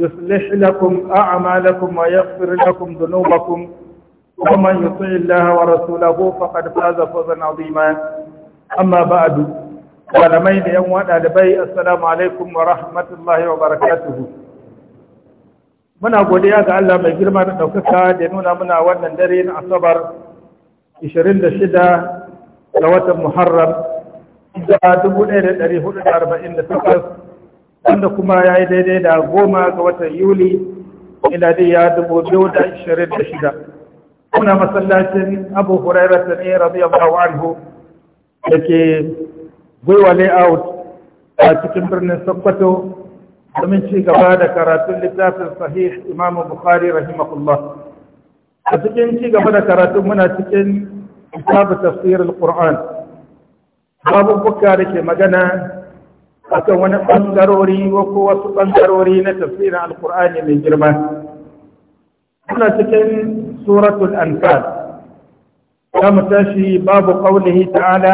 يصلح لكم أعمالكم ويغفر لكم ذنوبكم ومن يطع الله ورسوله فقد فاز فوزا عظيما أما بعد ولمين يوم ألبي السلام عليكم ورحمة الله وبركاته من أقول يا godiya ga Allah mai girma da من da ندرين أصبر إشرين dare na محرم إذا ga إلى Muharram الأربعين 1448 wanda kuma ya yi daidai da goma ga watan yuli ya dubu biyu da ashirin da shida Kuna masallacin abu huraira ta ne radiyallahu anhu da ke gwiwa layout a cikin birnin sokoto domin ci gaba da karatun littafin sahih imam bukhari rahimahullah a cikin ci gaba da karatun muna cikin kitabu tafsir al-qur'an babu bukka da ke magana akan wani ɓangarori ko wasu ɓangarori na tafsirin alkur'ani mai girma Suna cikin suratul anfal za mu tashi babu ƙaunihi ta'ala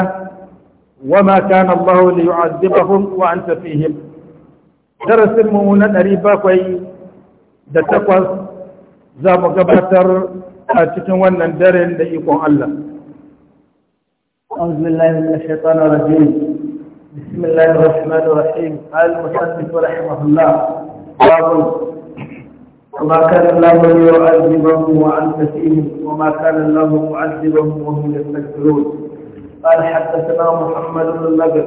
wa ma kana Allah li yu'azzibahum wa anta fihim darasin mu na ɗari bakwai da takwas za mu gabatar a cikin wannan daren da ikon Allah. أعوذ بالله من الشيطان الرجيم بسم الله الرحمن الرحيم قال المصنف رحمه الله باب وما كان الله ليعذبهم وانت فيهم وما كان الله معذبهم وهم يستكبرون قال حدثنا محمد بن النبي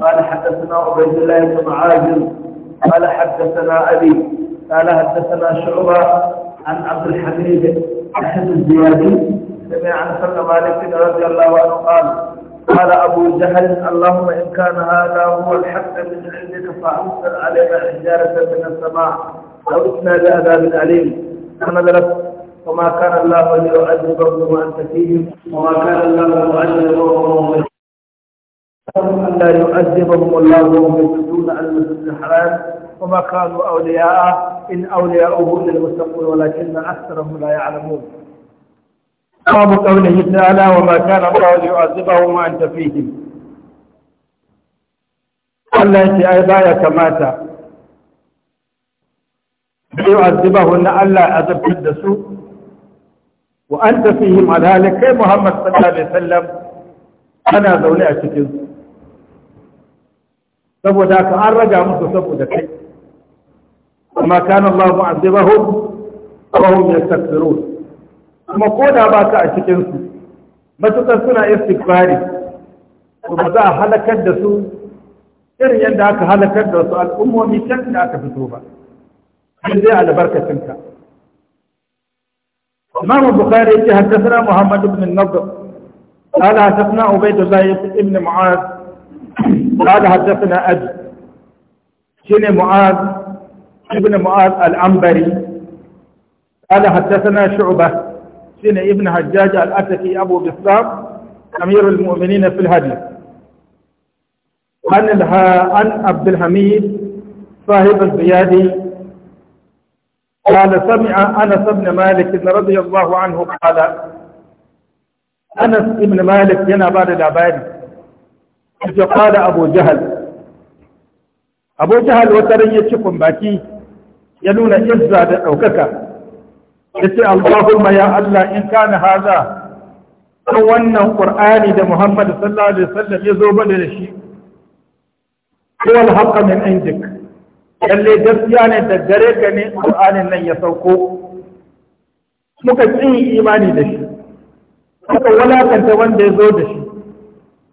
قال حدثنا عبيد الله بن عازم قال حدثنا ابي قال حدثنا شعبه عن عبد الحميد احد الزيادين سمع عن سلم مالك رضي الله عنه قال قال أبو جهل اللهم إن كان هذا هو الحق من عندك فأمطر علينا حجارة من السماء أو لأذاب الأليم أليم ذلك وما كان الله ليعذبهم وأنت فيهم وما كان الله ليعذبهم وهم لا يعذبهم الله وهم يسجدون عن المسجد الحرام وما كانوا أولياء إن أولياءه إلا ولكن أكثرهم لا يعلمون باب قوله تعالى وما كان الله ليعذبهم وانت فيهم Allah ya ce ai baya kamata bai azibahu na Allah azabtar da su wa an tafihim alhali kai Muhammad sallallahu alaihi wasallam zaune a cikin saboda ka an raga musu saboda kai amma kana Allah kuma ko da ba ka a cikinsu matuƙar suna istikbari to ba za a halakar da su irin yadda aka halakar da su al'ummomi can da aka fito ba sai dai albarkacinka imam bukhari yake haddasa muhammad ibn nadr قال حدثنا عبيد الله بن معاذ قال حدثنا أبي شن معاذ ابن معاذ العنبري قال حدثنا شعبة سنة ابن حجاج الأتكي أبو بسام أمير المؤمنين في الهدي عن الها عن عبد الحميد صاحب الزيادي قال سمع أنس بن مالك رضي الله عنه قال أنس بن مالك جنى بعد العباد قال أبو جهل أبو جهل وترين يتشكم باكي يلون إزا أو كثر yace Allahumma ya Allah in kana haza kan wannan Qur'ani da Muhammad sallallahu alaihi wasallam ya zo bane da shi ko al min indik lalle gaskiya ne da gare ka ne Qur'anin nan ya sauko muka ci imani da shi muka walakanta wanda ya zo da shi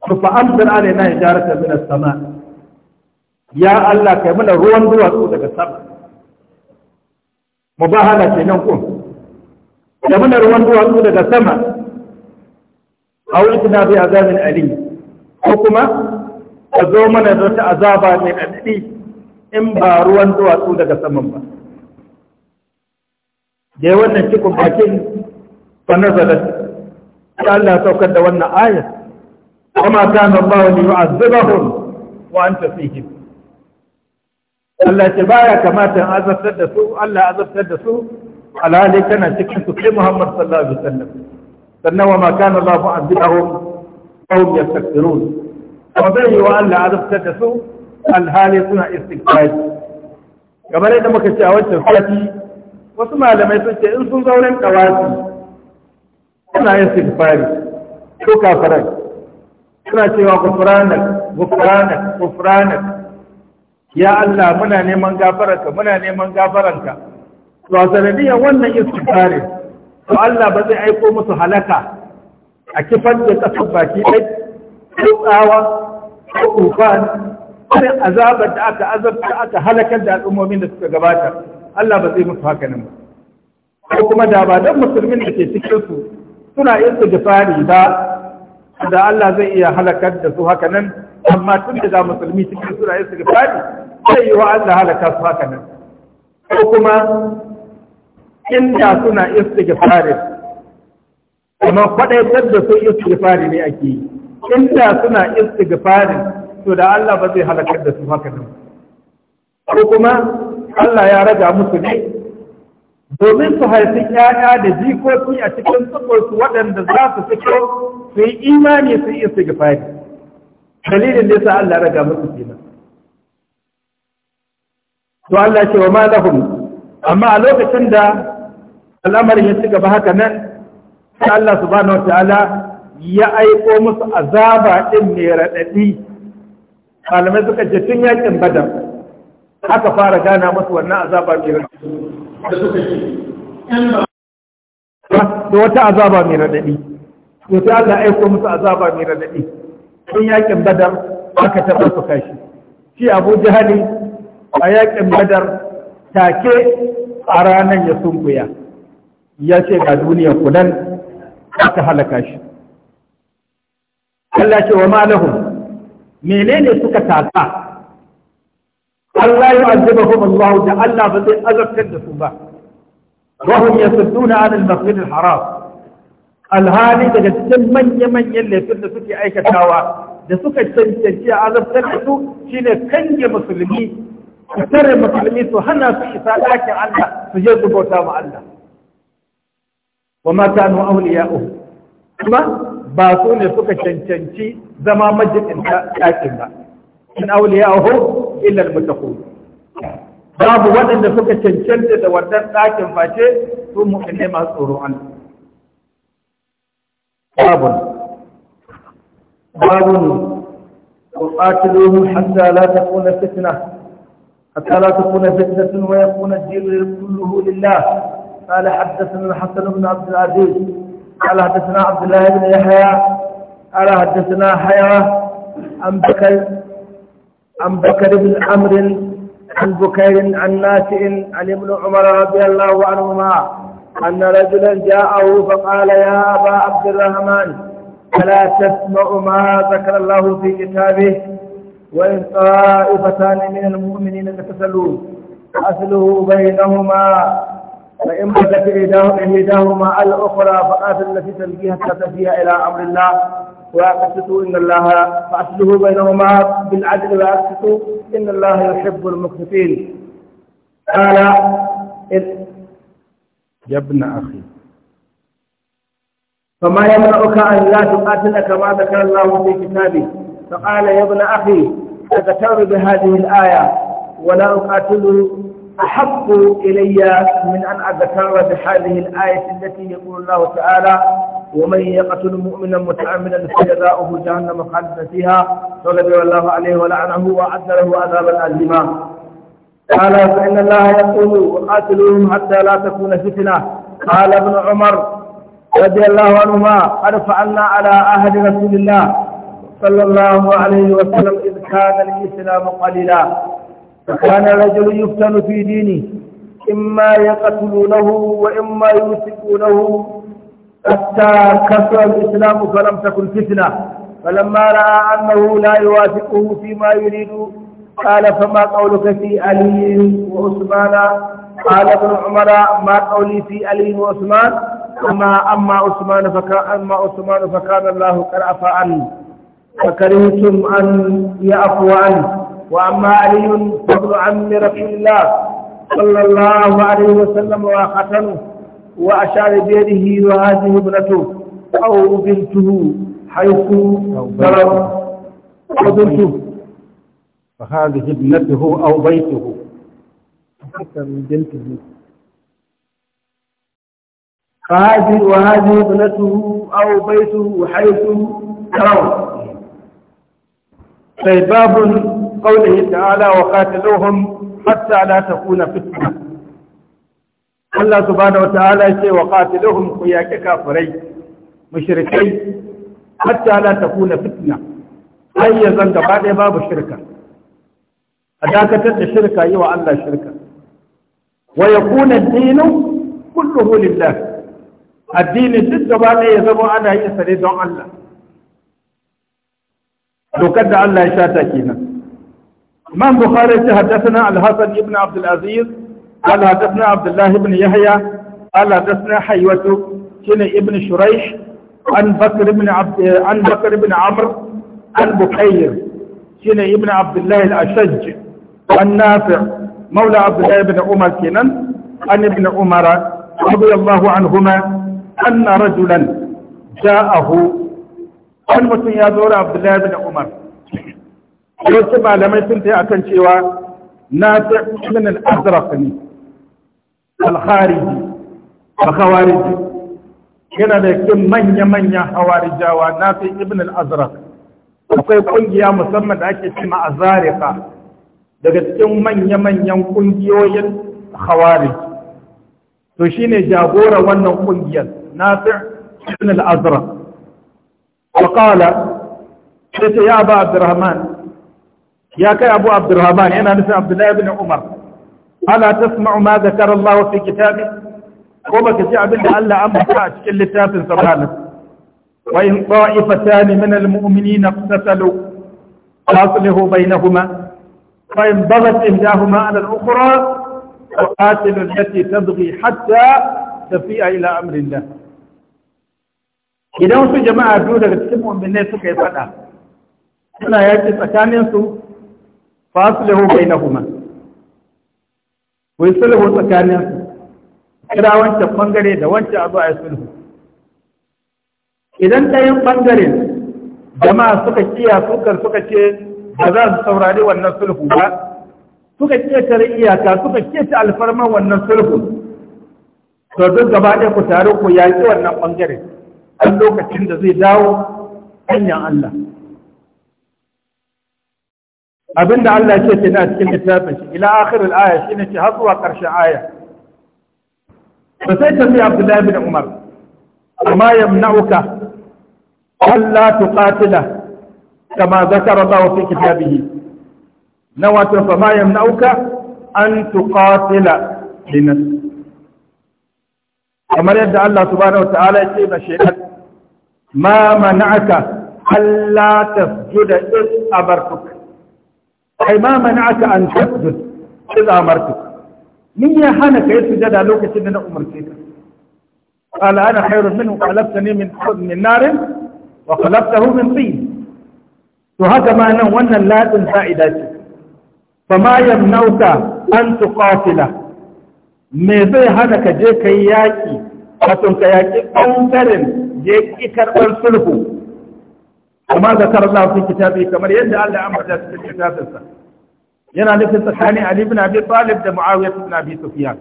ko fa amsal alaina ijarata min as-sama ya Allah kai mana ruwan duwatsu daga sama mubahala kenan ko da muna ruwan duwatsu daga sama a wani na azabin ali ko kuma a zo mana da wata azaba mai ɗaɗi in ba ruwan duwatsu daga saman ba da yi wannan cikin bakin fanar zalar ta Allah saukar da wannan ayat kuma ta wani ba wani hun wa tafi hin Allah ce baya kamata an azabtar da su Allah azabtar da su alhali tana cikin su kai Muhammad sallallahu alaihi wasallam sannan wa ma kana Allah mu'azzibahum aw yastaghfirun kuma bai yi wa Allah azabtar da su alhali suna istighfar kamar yadda muka ce a wancan sati wasu malamai sun ce in sun zauren kawasi suna istighfar ko kafaran suna cewa kufranak gufranak gufranak ya Allah muna neman gafararka muna neman gafararka to a sanadiyar wannan istikari to Allah ba zai aiko musu halaka a kifar da ƙasar baki ɗai tsawa ko tufan irin azabar da aka azabta aka halakar da al'ummomin da suka gabata Allah ba zai musu haka nan ko kuma da ba don musulmin da ke cikin su suna yin istighfari ba da Allah zai iya halakar da su haka nan amma tun da ga musulmi cikin suna yin istighfari zai yi wa Allah halaka su haka nan ko kuma inda suna istighfari amma kwadaitar da su istighfari ne ake yi inda suna istighfari to da Allah ba zai halakar da su haka nan ko kuma Allah ya raga musu ne domin su haifi 'ya'ya da jikoki a cikin su waɗanda za su fito su yi imani su yi istighfari dalilin da yasa Allah raga musu kenan to Allah ce wa ma lahum amma a lokacin da al'amarin ya ci gaba haka nan sai Allah subhanahu wataala ya aiko musu azaba din mai raɗaɗi malamai suka ce tun yakin badar aka fara gana musu wannan azaba mai raɗaɗi da wata azaba mai raɗaɗi to sai Allah aiko musu azaba mai raɗaɗi tun yakin badar aka taɓa su kashi shi Abu Jahali a yakin badar take a ranar ya sunkuya ya ce ga duniya ku nan aka halaka shi Allah ce wa malahum menene suka tasa Allah ya azaba hum Allah da Allah ba zai azabtar da su ba wa hum yasudduna an al-masjid al-haram alhali daga cikin manya-manyan laifin da suke aikatawa da suka cancanci a azabtar da su shine kange musulmi su tare musulmi su hana su isa ɗakin Allah su je su bauta ma Allah wa mata nu auliya kuma ba su ne suka cancanci zama ta ɗakin ba in auliya uhu illa mutaku babu waɗanda suka cancanci da wannan ɗakin ba ce su mu'minai masu tsoron an? babu babu ne ko qatilu hatta la takuna fitna hatta la takuna fitnatun wa yakuna ad-dinu kulluhu lillah قال حدثنا الحسن بن عبد العزيز قال حدثنا عبد الله بن يحيى قال حدثنا حيرة عن بكر عن بكر بن عمر عن بكير عن ناس عن ابن عمر رضي الله عنهما أن رجلا جاءه فقال يا أبا عبد الرحمن ألا تسمع ما ذكر الله في كتابه وإن طائفتان من المؤمنين اقتتلوا أصله بينهما فإن بدت إحداهما على الأخرى فقاتل التي تلقيها فيها إلى أمر الله وأقسطوا إن الله فأصله بينهما بالعدل وأقسطوا إن الله يحب المقسطين قال يا ابن أخي فما يمنعك أن لا تقاتل كما ذكر الله في كتابه فقال يا ابن أخي أتكر بهذه الآية ولا أقاتل أحب إلي من أن أذكر بهذه الآية التي يقول الله تعالى ومن يقتل مؤمنا متعمدا فجزاؤه جهنم خالدا فيها فغضب الله عليه ولعنه وأعد له عذابا أليما قال فإن الله يقول وقاتلوهم حتى لا تكون فتنة قال ابن عمر رضي الله عنهما قد فعلنا على عهد رسول الله صلى الله عليه وسلم إذ كان الإسلام قليلا وكان الرجل يفتن في دينه إما يقتلونه وإما يمسكونه حتى كثر الإسلام فلم تكن فتنة فلما رأى أنه لا يوافقه فيما يريد قال فما قولك في علي وعثمان قال ابن عمر ما قولي في علي وعثمان أما أما عثمان فكان أما عثمان فكان الله قد عفى عنه فكرهتم أن يعفو عنه وأما علي فضل عم رسول الله صلى الله عليه وسلم وختمه وأشار بيده وهذه ابنته أو بنته حيث ضرب وبنته فهذه ابنته أو بيته بنته فهذه وهذه ابنته أو بيته حيث ترون طيب باب قوله تعالى وقاتلوهم حتى لا تكون فتنة الله سبحانه وتعالى يقول وقاتلوهم قياك كافري مشركي حتى لا تكون فتنة أي زند بعد باب الشركة أداك تد شركة يوى الله شركة ويكون الدين كله لله الدين ضد بعد يزمو أنا يسري دون الله dokar da Allah ya shata kenan إمام بخاري حدثنا الحسن بن عبد العزيز قال حدثنا عبد الله بن يحيى قال حدثنا حيوة كن ابن شريح عن بكر بن عبد عن بكر بن عمرو عن بكير كن ابن عبد الله الأشج عن نافع مولى عبد الله بن عمر كنان عن ابن عمر رضي الله عنهما أن رجلا جاءه عن متن يزور عبد الله بن عمر wasu malamai sun ta akan cewa na ta ibn al ne al-khariji yana da cikin manya-manya hawarijawa na fi ibn al-azraq akwai ƙungiya musamman da ake cima a zarika daga cikin manya-manyan ƙungiyoyin hawari to shi ne jagora wannan ƙungiyar. na fi ibn al-azraq wa kala ya ba abdurrahman يا كي أبو عبد الرحمن أنا مثل عبد الله بن عمر ألا تسمع ما ذكر الله في كتابه قوما كتاب بالله ألا أمتع كل تاف سبحانه وإن طائفتان من المؤمنين اقتتلوا فاصلحوا بينهما فإن بغت إحداهما على الأخرى وقاتل التي تبغي حتى تفيء إلى أمر الله إذا أنتم جماعة جودة تسمعون من نفسك يفعلها أنا يجب أتاني أنتم faslihu bainahuma ku yi sulhu tsakanin su kira wancan bangare da wancan abu a yi sulhu idan ɗayan bangaren jama'a suka kiya sukan suka ce ba za su saurari wannan sulhu ba suka keta iyaka suka ta alfarman wannan sulhu to duk gaba ɗaya ku tare ku yaƙi wannan bangare a lokacin da zai dawo hanyar Allah abinda Allah ce ce na cikin littafin shi ila akhir al aya shine ce har zuwa karshen aya to sai ta sai Abdullahi bin Umar amma yamna'uka alla tuqatila kama zakara Allah fi kitabihi na wato fa ma yamna'uka an tuqatila linas kamar yadda Allah subhanahu wa ta'ala ya ce ba shaytan ma mana'aka alla tasjuda is abartuka kai ma mana'aka an tasjud sai za mu marke min ya hana kai sujada lokacin da na umarce ka qala ana khairu minhu qalabtani min hudn min nar wa qalabtahu min tin to haka ma nan wannan ladin fa'ida ce fa ma yamnauka an tuqatila me zai hana ka je kai yaki wato ka yaki bangaren je ki karɓar sulhu amma zakar Allah fi kitabi kamar yadda Allah ya ambata cikin kitabinsa yana nufin tsakanin Ali ibn Abi Talib da Muawiya ibn Abi Sufyan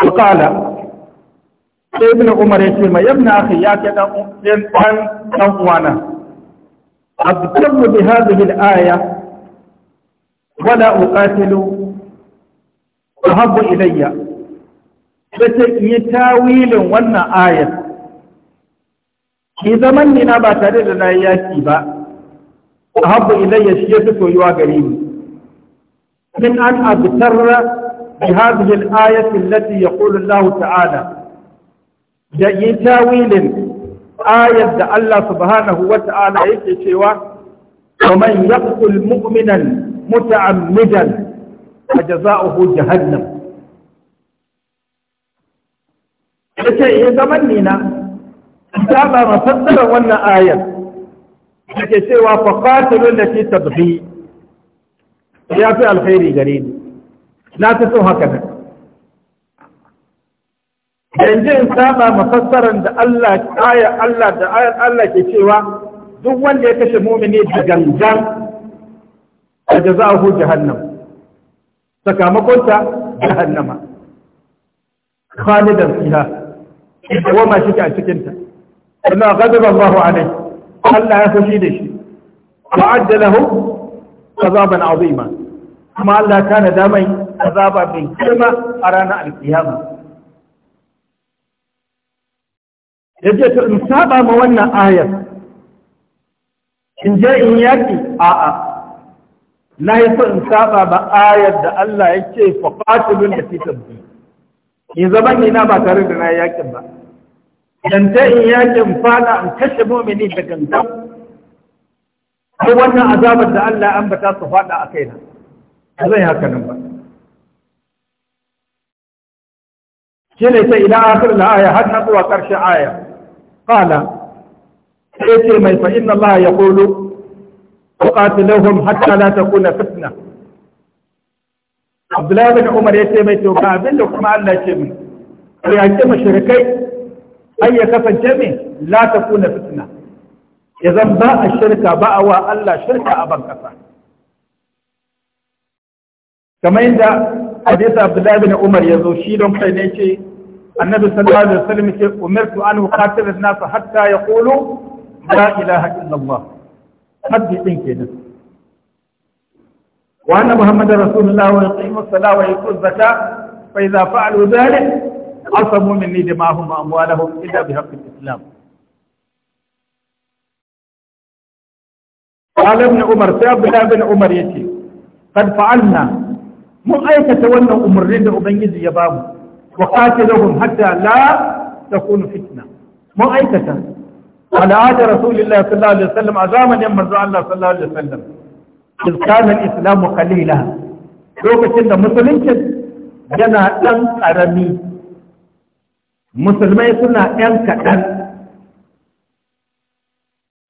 qala sai ibn Umar ya ce ma yabna akhi ya ka dan dan dan uwana abtamu bi hadhihi al-aya wala uqatilu ahabbu ilayya sai in yi tawilin wannan ayat ki zaman ni ba tare da na yaki ba idan ya shi yafi soyuwa gare ni min an abtarra bi hadhihi al-ayati allati yaqulu Allah ta'ala da yi tawilin ayar da Allah subhanahu wa ta'ala yake cewa wa man yaqtul mu'minan muta'ammidan fajaza'uhu jahannam yace ya eh, zaman ni na saba ma fassara wannan ayar take cewa fa qatilul lati tabghi ya fi alkhairi gare ni na ta so haka nan yanzu in saba ma fassaran da Allah ayar Allah da ayar Allah ke cewa duk wanda ya kashe mumini da gangan a jaza'ahu jahannam sakamakonta jahannama khalidan fiha wa ma shi a ta. لا غضب الله عليه قال لا يخشيد شيء وعد له عذابا عظيما كما لا كان دامي عذابا من كلمة أرانا القيامة يجي المسابة مولنا آية إن جاء إن يأتي آآ آه. لا يصل المسابة بآية دا الله يجي فقاتل التي تبدي إذا بني نابا تريد أن يأتي dan ta in yakin fada an kashe mu'mini da gangan ko wannan azabar da Allah an bata su fada a kaina ba zai haka nan ba shi ne sai ila akhir al-aya har na zuwa karshen aya qala sai ce mai fa inna Allah yaqulu وقاتلهم حتى لا تكون فتنة Abdullahi bin Umar ya ce mai to ba abin da kuma Allah ce min. Ko ya ce mashirikai ai ya kasance me la ta kuna fitina, ya zan ba a shirka ba a wa Allah shirka a ban kasa kamar yadda hadisi Abdullahi bin Umar ya zo shi don kai ne ce annabi sallallahu alaihi wasallam ce umirtu an uqatila an-nas hatta yaqulu la ilaha illallah haddi din kenan وأن محمد رسول الله ويقيم الصلاة ويؤتوا الزكاة فإذا فعلوا ذلك عصموا مني دماهم وأموالهم إلا بحق الإسلام قال ابن عمر سيد الله بن عمر يتي قد فعلنا مؤيكة وانا أمرين لأبن يزي يباب وقاتلهم حتى لا تكون فتنة مؤيكة على عهد رسول الله صلى الله عليه وسلم عظاما يمرز الله صلى الله عليه وسلم إذ كان الإسلام قليلا لو كنت مسلم جنا أن أرمي musulmai suna ɗan kaɗan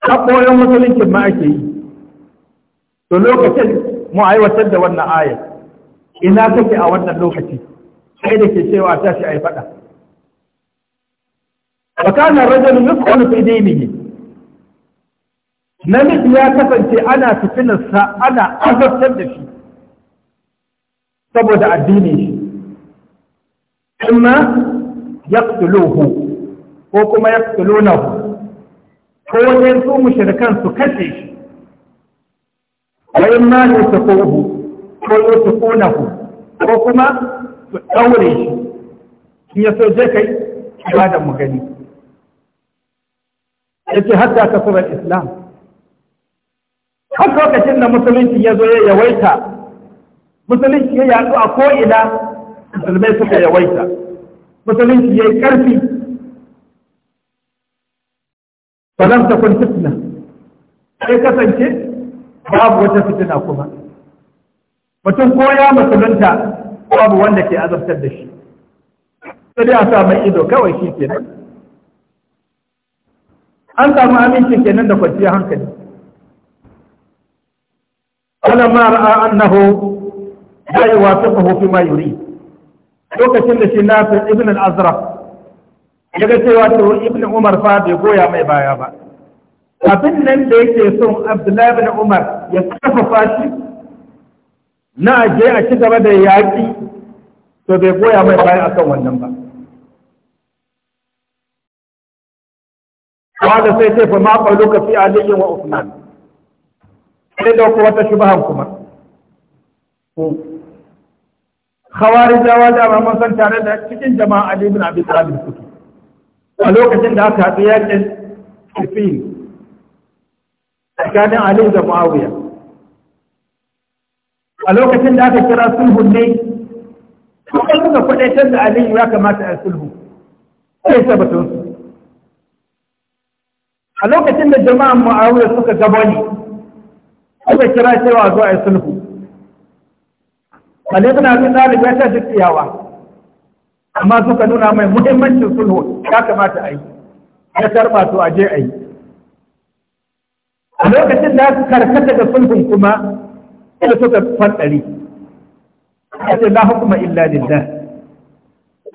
haƙoyin musuluncin ma ake yi to lokacin mu aiwatar da wannan aya ina kake a wannan lokaci sai da ke cewa shi a yi faɗa bakanar rajulun yusqalu fi dinihi namiji ya kasance ana fitinarsa ana azabtar da shi saboda addini shi amma yaktuluhu ko kuma yaqtulunahu ko ne su mushrikan su kace shi ne su yusufuhu ko yusufunahu ko kuma su daure shi shi ya so je kai ibadan mu gani yace hatta fara islam har lokacin da musulunci ya zo ya yawaita musulunci ya yadu a ko'ina musulmai suka yawaita musulunci ya yi ƙarfi falam ta fitna sai kasance babu wata fitina kuma mutum ko ya musulunta babu wanda ke azabtar da shi sai a sa mai ido kawai shi nan. an samu aminci kenan da kwanciyar hankali ولما رأى أنه لا يوافقه فيما يريد lokacin da shi nafi ibn al-azraq ya ga cewa to ibn umar fa bai goya mai baya ba abin nan da yake son abdullahi ibn umar ya kafafa shi na aje a ci gaba da yaƙi to bai goya mai baya akan wannan ba wanda sai ce fa ma qaluka fi aliyin wa usman sai da wata shubahan kuma khawarijawa da ba san tare da cikin jama'a Ali ibn Abi Talib suke a lokacin da aka haɗu yakin Siffin tsakanin Ali da Muawiya a lokacin da aka kira sulhun ne kuma suka kwadaitar da Ali ya kamata a sulhu sai tabbatun su a lokacin da jama'an Muawiya suka gabani suka kira cewa zuwa a sulhu Ali suna Abi ɗalibai ya ta dukkiyawa amma suka nuna mai muhimmancin sulhu ya kamata a yi ya tarba to a je a yi a lokacin da aka karkata da sulhun kuma ila suka fadari kace na hukuma illa lillah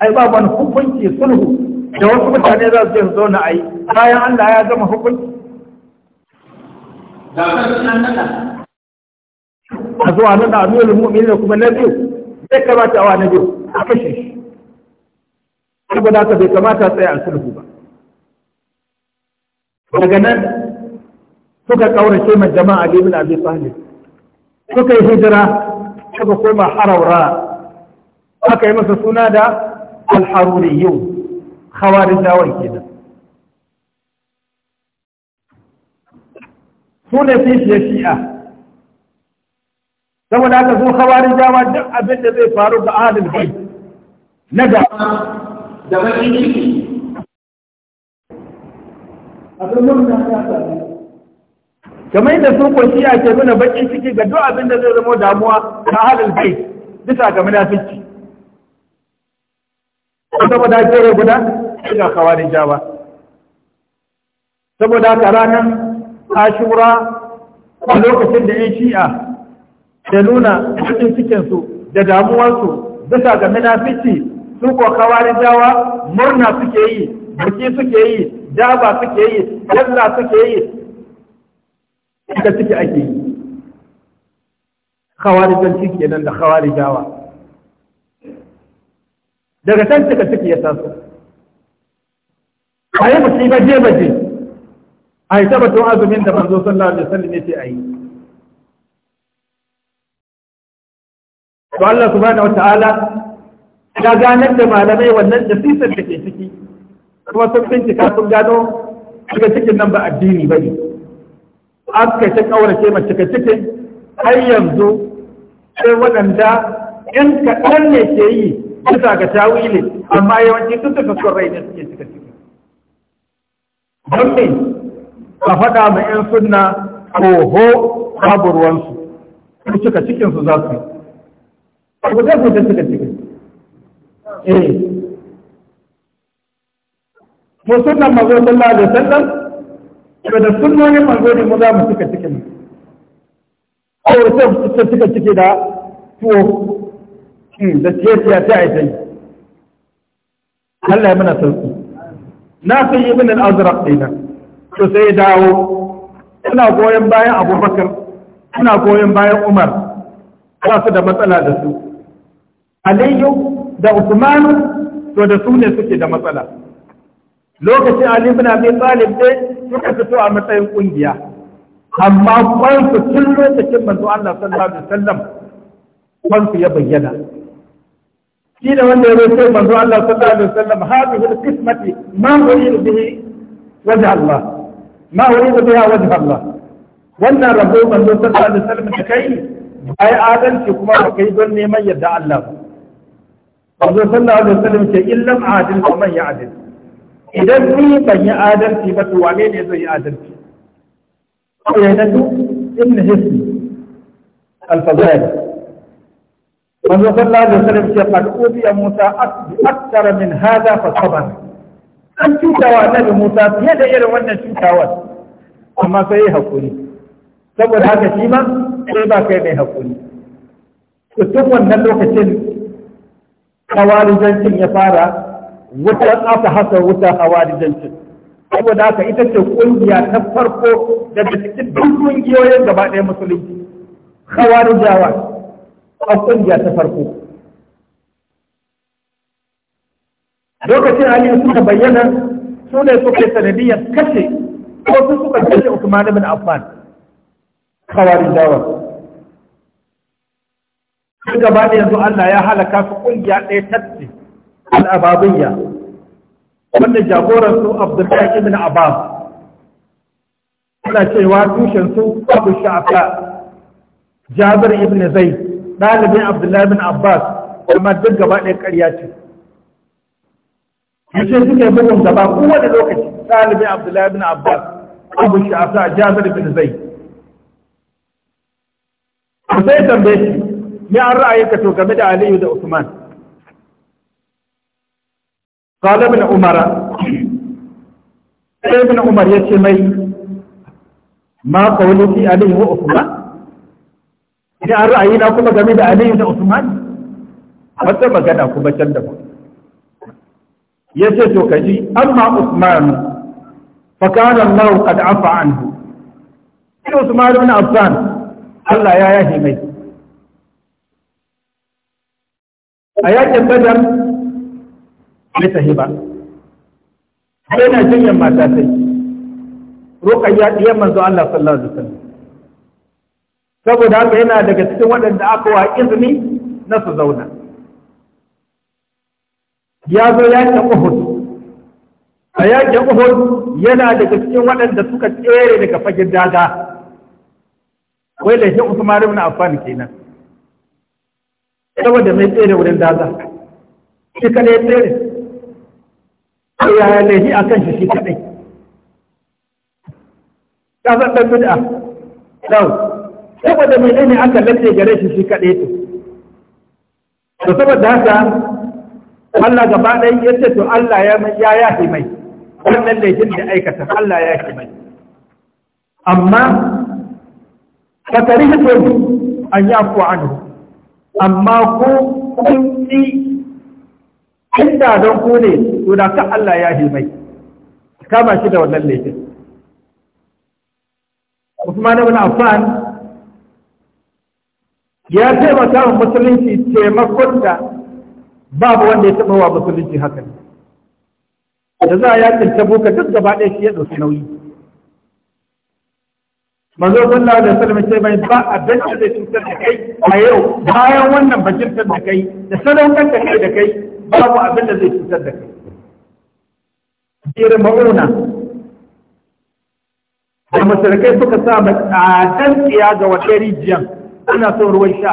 ai ba wani hukunci sulhu da wasu mutane za su je su zauna a yi bayan Allah ya zama hukunci da nan a zuwa nan da amirul mu'minin da kuma na biyu zai kamata a na biyu a kashe shi saboda haka bai kamata tsaye a sulhu ba daga nan suka kaurace ma jama'a Ali ibn Abi Talib suka yi hijira suka koma harawra aka yi masa suna da al-haruriyyun khawarijawan kenan sune fi shi'a saboda haka zo kawari jawa duk abin da zai faru ga ahalin bai na da da baƙi ciki abin da ya sami kamar yadda su ko shiya ke nuna bakin ciki ga duk abin da zai zama damuwa ga ahalin bai bisa ga munafici saboda yi guda sai ga kawari jawa saboda haka ranar ashura a lokacin da ya shi'a da nuna cikin cikinsu da damuwarsu bisa ga munafici su ko kawarin jawa murna suke yi buki suke yi daba suke yi yalla suke yi da suke ake yi kawarijanci kenan da kawarijawa daga can cika ciki ya taso a yi musulman je baje a yi tabbatun azumin da manzo sallallahu alaihi wasallam ya ce a yi to Allah subhanahu wata'ala ya ganar da malamai wannan da sisar da ke ciki kuma sun bincika sun gano daga cikin nan ba addini ba ne aka ta kaurace ma cika cikin har yanzu sai waɗanda ‘yan kaɗan ne ke yi bisa ga tawili amma yawanci sun tafi son rai ne suke cika ciki don me ka faɗa ma ‘yan sunna oho babu ruwansu su cika cikinsu za su yi rubuce-rubuce suka cika eh to sunan mazo sallallahu alaihi wasallam to da sunan mazo ne mu za mu suka cike ne a rubuce-rubuce suka cike da tuwo hmm, da siyasiya ta aita yi Allah ya mana sauki na san ibn al-azraq dina to sai dawo ina goyon bayan abubakar ina goyon bayan umar ba su da matsala da su aliyu da usmanu to da su ne suke da matsala lokacin ali ibn abi talib dai suka fito a matsayin kungiya amma kwansu tun lokacin manzo Allah sallallahu alaihi wasallam su ya bayyana shi da wanda ya roƙe manzo Allah sallallahu alaihi wasallam hadhihi al-qismati ma uridu bihi wajh Allah ma uridu biha wajh Allah wannan rabo manzo sallallahu alaihi wasallam da kai ai adalci kuma ba kai don neman yadda Allah ba abu sallallahu alaihi wasallam ce in lam adil fa man ya'dil idan ni ban yi adalci ba to wane ne zai yi adalci ko ya nadu ibn hisn al-fadail manzo sallallahu alaihi wasallam ce qad ubiya musa akthar min hadha fa sabara an cutawa nabi musa fiye da irin wannan cutawar amma sai ya hakuri saboda haka shi ma sai ba kai mai hakuri to tun wannan lokacin hawarijancin ya fara wuta aka haka wuta hawarijancin saboda haka ita ce kungiya ta farko daga cikin duk kungiyoyin gaba ɗaya musulunci hawarijawa a kungiya ta farko lokacin aliyu suka bayyana su ne suka yi sanadiyar kashe ko su suka kashe Usman bin Affan khawarijawa duk gaba da yanzu Allah ya halaka su kungiya ɗaya tatsi al'ababiyya wanda jagoran su Abdullahi ibn Abbas suna cewa tushen su Abu Sha'fa Jabir ibn Zai, ɗalibin Abdullahi ibn Abbas kuma duk gaba ɗaya ƙarya ce yace suke bugun gaba kowane lokaci ɗalibin Abdullahi ibn Abbas Abu Sha'fa Jabir ibn zai sai tambaye shi me an ra'ayinka to game da Aliyu da Usman qala ibn Umar bin Umar ce mai ma kawai fi Aliyu wa Usman idan an ra'ayi na kuma game da Aliyu da Usman wata magana kuma can da ba ce to kaji amma Usman fa kana Allah qad afa anhu Usman wani Affan Allah ya yahi mai a yakin badar bai tafi ba sai na jinyar mata sai ya ɗiyar manzo Allah sallallahu alaihi wasallam saboda haka yana daga cikin waɗanda aka wa izini na su zauna ya zo yakin Uhud a yakin Uhud yana daga cikin waɗanda suka tsere daga fagen daga wai laifin Usman ibn Affan kenan saboda mai tsere wurin daza shi kadai tsere ya ya laifi a kan shi shi kadai ka ɗan dan bid'a dau saboda mai ne aka lalle gare shi shi kadai to to saboda haka Allah gaba ɗaya ya ce to Allah ya ya yafi mai wannan laifin da aikata Allah ya yafi mai amma ka tarihi to an a anhu amma ku kun ci inda don ku ne to da ka Allah ya hi mai kama shi da wannan laifin Usman ibn Affan ya taimaka wa musulunci taimakon da babu wanda ya taɓa wa musulunci haka ne. da za a yakin buka duk gaba ɗaya shi ya dauki nauyi manzo sallallahu alaihi wasallam ce mai ba abin da zai cutar da kai a yau bayan wannan bajirtar da kai da sadaukar da kai da kai babu abin da zai cutar da kai irin ma'una da masarakai suka sa tsadan tsiya ga wata rijiyan ana son ruwan sha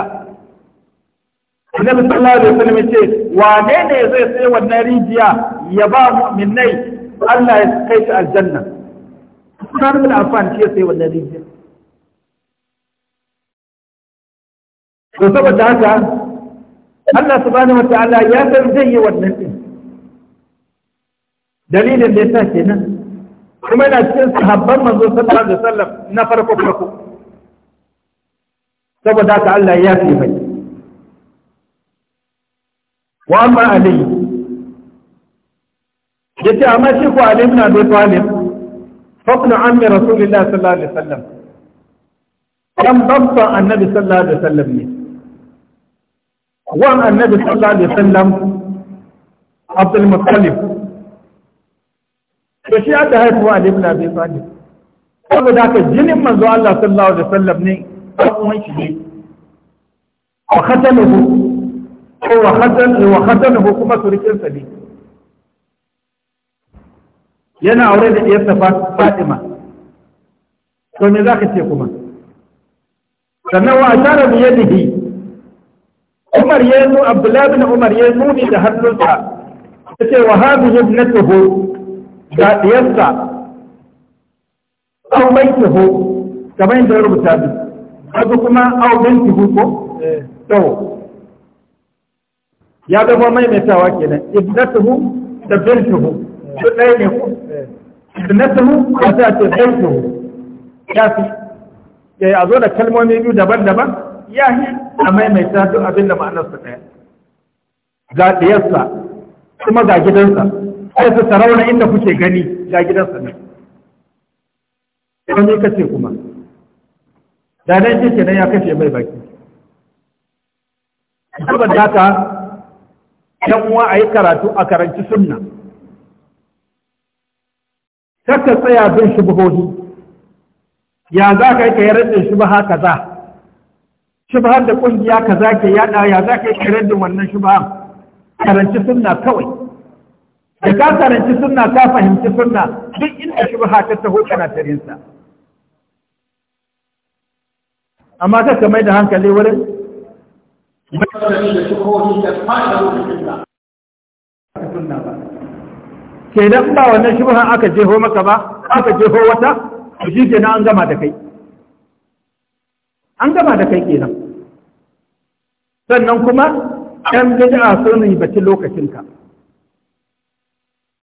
annabi sallallahu alaihi wasallam ce wane ne zai sai wannan rijiya ya ba mu'minai Allah ya kai shi aljanna Usman bin Affan ce sai wannan rijiya to saboda haka Allah subhanahu wataala ya san zai yi wannan din dalilin da yasa kenan kuma yana cikin sahabban manzo sallallahu alaihi wasallam na farko farko saboda haka Allah ya fi mai wa amma ali yace amma shi ko ali ibn abi talib fakna ammi rasulillah sallallahu alaihi wasallam dan babban annabi sallallahu alaihi wasallam ne wan annabi sallallahu alaihi wasallam abdul muttalib da shi ya da haifuwa ali ibn abi talib da haka jinin manzo Allah sallallahu alaihi wasallam ne kuma shi ne wa khataluhu wa khatan wa khataluhu kuma surikin sa ne yana aure da diyarsa Fatima to me zaka ce kuma sannan wa ashara bi yadihi Umar ya nu Abdullahi bin Umar ya nuni da hannunsa ce wa hadhihi ibnatuhu ga diyarsa aw baituhu kamar yadda rubuta bi kaga kuma au ta bintuhu ko to eh. ya zama maimaitawa kenan ibnatuhu da bintuhu su eh. ɗaya ne ko eh. ibnatuhu ko ta ce bintuhu ya fi a zo da kalmomi biyu daban-daban ya yi a maimaita duk abin da ma'anarsa ɗaya ga ɗiyarsa kuma ga gidansa sai su sarauna inda kuke gani ga gidansa ne ka kace kuma da nan shi kenan ya kashe mai baki saboda haka yan uwa a yi karatu a karanci sunna kakka tsaya bin shubuhohi ya za ka yi ka yi rantsin shubaha kaza shubhar da kungiya ka za ka yada ya za ka yi kare da wannan shubha karanci sunna kawai da ka karanci sunna ka fahimci sunna duk inda shubha ta taho kana tarinsa amma ka ka mai da hankali wurin ke dan ba wannan shubhan aka jeho maka ba aka jeho wata shi na an gama da kai an gama da kai kenan sannan kuma ɗan bid'a sun bacci lokacinka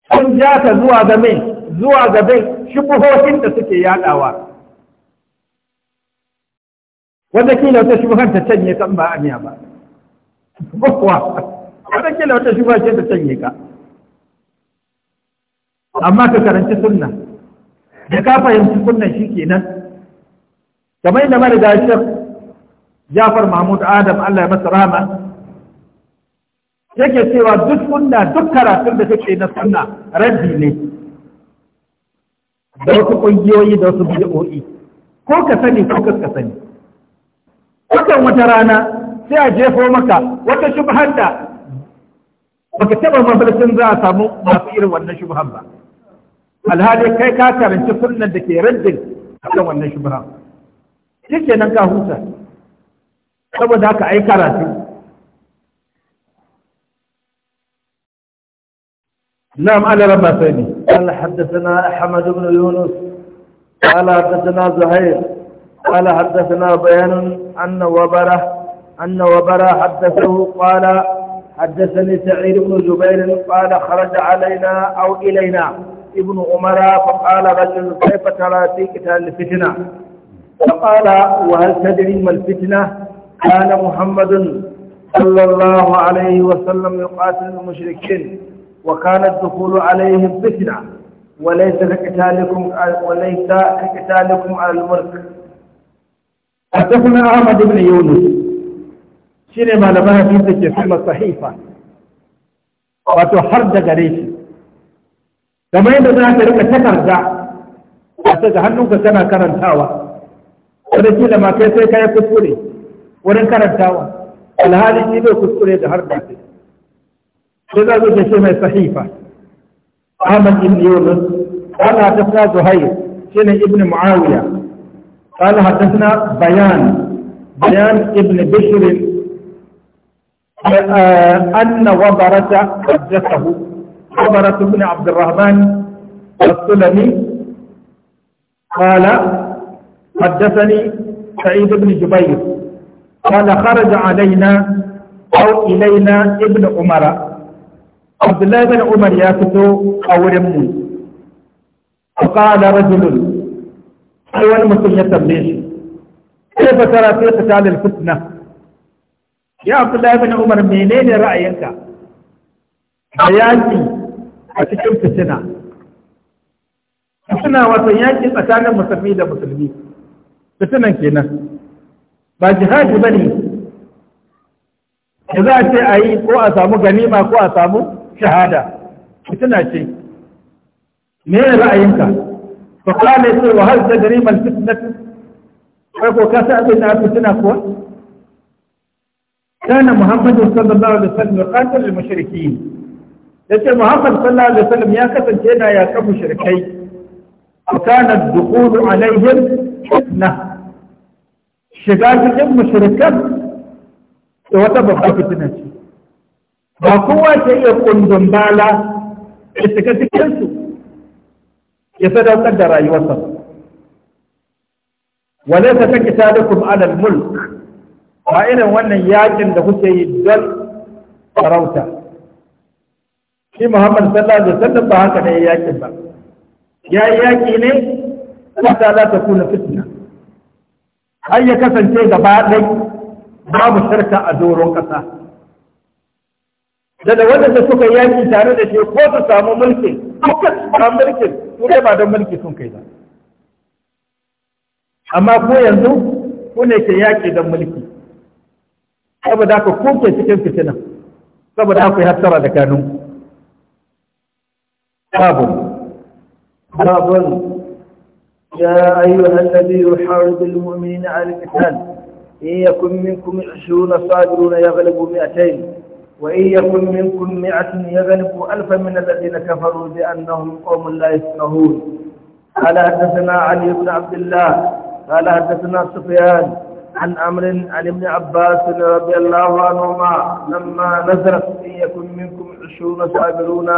sun ja ka zuwa ga mai zuwa ga bai shubuhohin da suke yadawa wata kila wata shubuhan ta canye kan ba aniya ba kuwa wata kila wata shubuhan ce ta canye ka amma ka karanci sunna da ka fahimci sunna shi kenan kamar da mara da shek Jafar Mahmud Adam Allah ya masa rahama yake cewa duk sunna duk karatun da take na sunna raddi ne da wasu ƙungiyoyi da wasu bid'o'i ko ka sani ko ka sani wakan wata rana sai a jefo maka wata shubhar da baka taɓa mafarkin za a samu masu irin wannan shubhar ba alhali kai ka karanci sunnan da ke raddin kan wannan shubhar shi kenan ka huta saboda haka ai karatu نعم انا ربا سيدي قال حدثنا أحمد بن يونس قال حدثنا زهير قال حدثنا بيان أن وبره أن وبره حدثه قال حدثني سعيد بن جبير قال خرج علينا أو إلينا ابن عمر فقال رجل كيف ترى في قتال الفتنة فقال وهل تدري ما الفتنة كان محمد صلى الله عليه وسلم يقاتل المشركين وكان الدخول عليهم فتنة وليس كقتالكم وليس كقتالكم على الملك حدثنا أحمد بن يونس شنو ما لما في تكفيم الصحيفة وتحرد قريش kamar yadda za ka rika takarda a ta hannunka kana karantawa wanda kila ma kai sai ka yi kuskure wurin karantawa alhalin shi bai kuskure da har dace sai za su ce mai sahifa Ahmad ibn Yunus قال حدثنا زهير شين ابن معاوية قال حدثنا بيان بيان ابن بشر آه، أن وبرة حدثه وبرة بن عبد الرحمن السلمي قال حدثني سعيد بن جبير قال خرج علينا أو إلينا ابن عمر عبد الله بن عمر يافتو قول رمو فقال رجل أول مسلم يتبليش كيف ترى في قتال الفتنة يا عبد الله بن عمر منين رأيك حياتي أتكلم فتنة فتنة وتياكي أتانا مسلمي لمسلمي فتنة كنا ba jihadi ba ne da za a ce a yi ko a samu ganima ko a samu shahada fitina ce me ne ra'ayinka kula ne sai wa hal da mal fitnatu kai ko kasa abin da aka fitina kuwa kana muhammadu sallallahu alaihi wasallam ya kanta da al ya ce muhammadu sallallahu alaihi wasallam ya kasance yana yakan mushrikai fa kana ad-dukhul alaihim fitnah shiga cikin mushrikan da wata babbar fitina ce ba kowa ke iya kundin bala ya shiga cikinsu ya sadaukar da rayuwarsa wale ta kake da kuma alal mulk ba irin wannan yakin da kuke yi don farauta shi muhammad sallallahu alaihi wasallam ba haka ne yakin ba ya yi yaki ne kuma ta za ta kuna fitina har ya kasance gaba ɗai babu shirka a doron ƙasa daga waɗanda suka yaƙi tare da shi ko su samu mulki suka su samu mulki turai ba don mulki sun kai ba amma ko yanzu ku ne ke yaƙi don mulki saboda haka ku ke cikin fitina saboda haka ya tsara da kanun babu wani. يا أيها الذي يحارب المؤمنين على القتال إن يكن منكم عشرون صابرون يغلبوا مئتين وإن يكن منكم مئة يغلبوا ألفا من الذين كفروا بأنهم قوم لا يفقهون قال حدثنا علي بن عبد الله قال حدثنا سفيان عن أمر عن ابن عباس رضي الله عنهما لما نزلت إن يكن منكم عشرون صابرون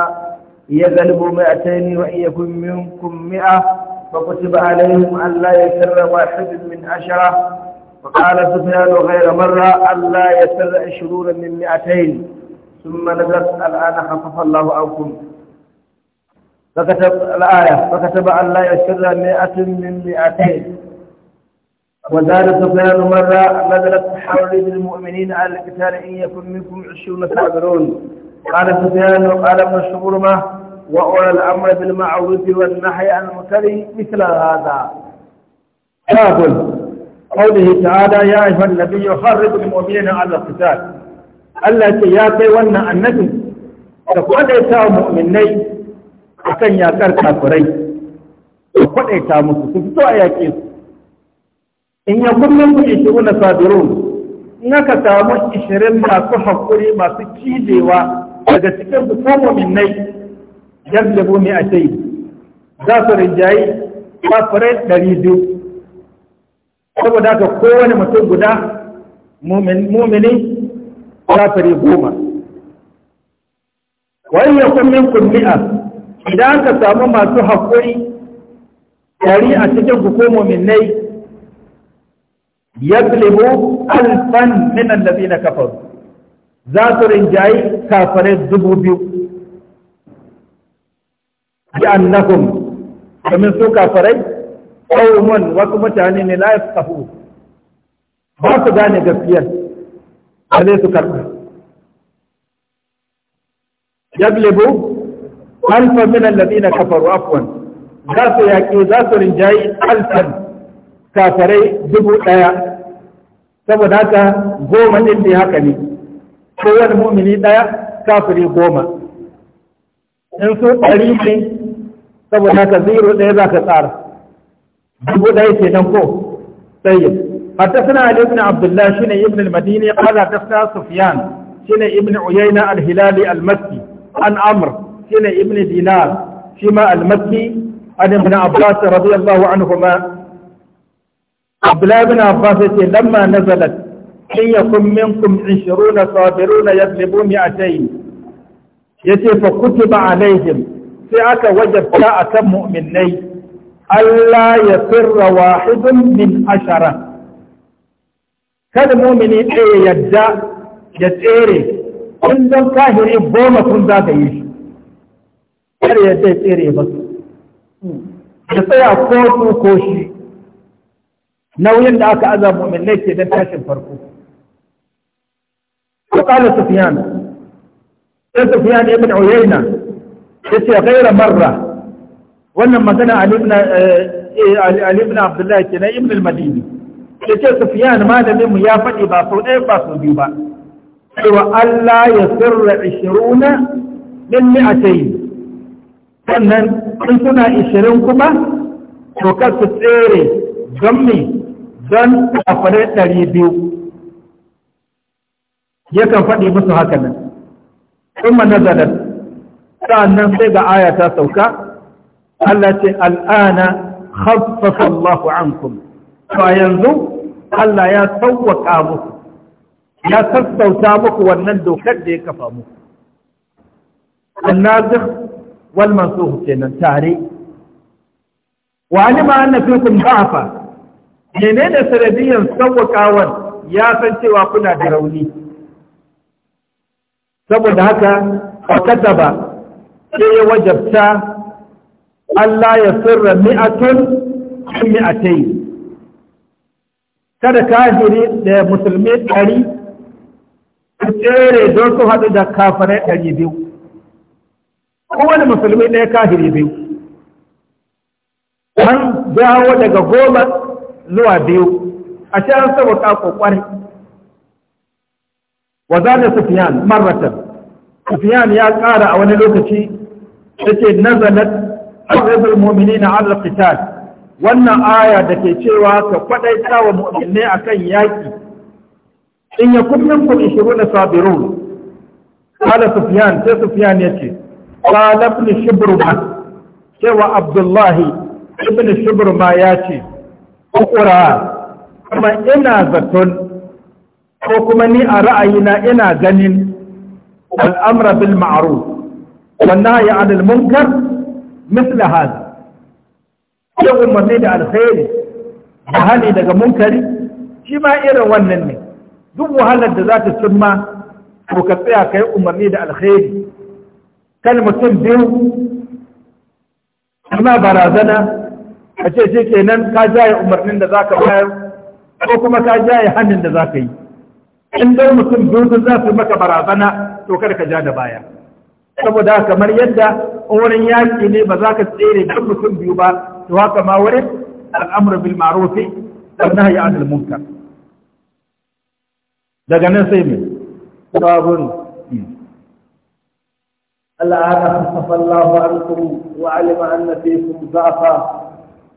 يغلبوا مئتين وإن يكن منكم مئة فكتب عليهم أن لا يسر واحد من عشرة وقال سفيان غير مرة أن لا يسر عشرون من مئتين ثم نزلت الآن خفف الله عنكم فكتب الآية فكتب أن لا يسر مئة من مئتين وزاد سفيان مرة نزلت حول المؤمنين على القتال إن يكن منكم عشرون صابرون قال سفيان وقال ابن الشغرمة وأولى الأمر بالمعروف والنحي عن المنكر مثل هذا تاكل قوله تعالى يا أيها النبي خرج المؤمنين على القتال ألا تياتي وأن النبي تقول ليس مؤمني أكن يا كرك كري تقول ليس مؤمني تقول يا كيس إن يكون من كل شيء صابرون إنك تامو إشرين ما تحقري ما تكيدي و daga cikin hukumomin yaglibu yi, za su rinjayi kafare ɗari biyu saboda ka kowane mutum guda mumini kafare goma wani ya kun min kulmi'a idan ka samu masu haƙuri ɗari a cikin muminai ya tulebo alfan min zai na kafaru za su rinjayi kafare dubu biyu annakum annahum domin su kafarai qaumun wasu mutane ne la yafahu ba su gane gaskiya ba zai su karɓa yaglibu alfa min alladhina kafaru afwan za su yaƙi za su rinjayi alfan kafarai dubu ɗaya saboda haka goma ɗin da haka ne kowane mumini ɗaya kafiri goma in su ɗari ne saboda haka zero ɗaya za ka tsara dubu ɗaya ce nan ko tsaye حدثنا علي بن عبد الله شنو ابن المديني قال حدثنا سفيان شنو ابن عيينة الهلالي المكي عن عمرو شنو ابن دينار شما المكي عن ابن عباس رضي الله عنهما عبد الله بن عباس لما نزلت إن يكن منكم عشرون صابرون يغلبوا مئتين يتي فكتب عليهم sai aka wajabta a kan mu'minai Allah ya sirra wahidun min ashara kada mu'mini ɗaya yadda ya tsere kun zan kahiri goma kun za ka yi shi kada yadda ya tsere ba ya tsaya ko su ko shi nauyin da aka aza mu'minai ke don tashin farko ko وقال سفيان سفيان ابن عيينه yace ghaira marra wannan magana alibin eh, abdullahi ke na ibn al-madini da ce sufiyan malaminmu ya fadi ba sau ɗaya ba sau biyu ba cewa Allah ya sirra 20 min mi'atayi sannan in suna 20 kuma to kar su tsere don me don kafarai 200 yakan fadi musu haka nan kuma nazarar sa'annan sai ga aya ta sauka Allah ce al'ana khaffafa Allahu ankum ba yanzu Allah ya sauwaka muku ya sassauta muku wannan dokar da ya kafa muku annazikh wal mansukh kenan tare wa alima anna fikum da'afa menene sanadiyan sauwakawan ya san cewa kuna da rauni saboda haka fa kataba sai ya wajabta Allah ya sirra mi'atun mi'atai kada kafiri da musulmi ɗari su tsere don su haɗu da kafirai ɗari biyu kowane musulmi ɗaya kafiri biyu an dawo daga goma zuwa biyu a shi an saba kako kwarai wa zane sufiyan marratan sufiyan ya ƙara a wani lokaci Yake nazalat azabul mu'minina 'ala al-qital wannan aya da ke cewa ka kwadaita wa mu'minai akan yaki in yakun minkum 20 sabirun qala sufyan sai sufyan yace qala ibn shubruma cewa abdullahi ibn shubruma yace ukura kuma ina zaton ko kuma ni a ra'ayina ina ganin al'amra bil ma'ruf والنهي عن المنكر مثل هذا يقول مرنيني على الخير وهني لقى منكري كما إيرا ونني دبو هلا الدذات السمى وكفيها كي أمرنيني على الخير كلمة تنبيو كما برازنا أشياء شيء كينان كاجاي أمرنين لذاك الخير وكما كاجاي حنين لذاكي عندما تنبيو دذات المكبرازنا توكرك جانبايا بايا saboda kamar yadda wurin yaƙi ne ba za ka tsere don mutum biyu ba to haka ma wurin al'amur bil ma'rufi wal nahyi anil munkar daga nan sai me sabun الآن خفف الله عنكم وعلم أن فيكم ضعفا